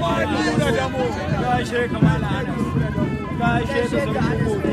Gashe kamala ana. da ka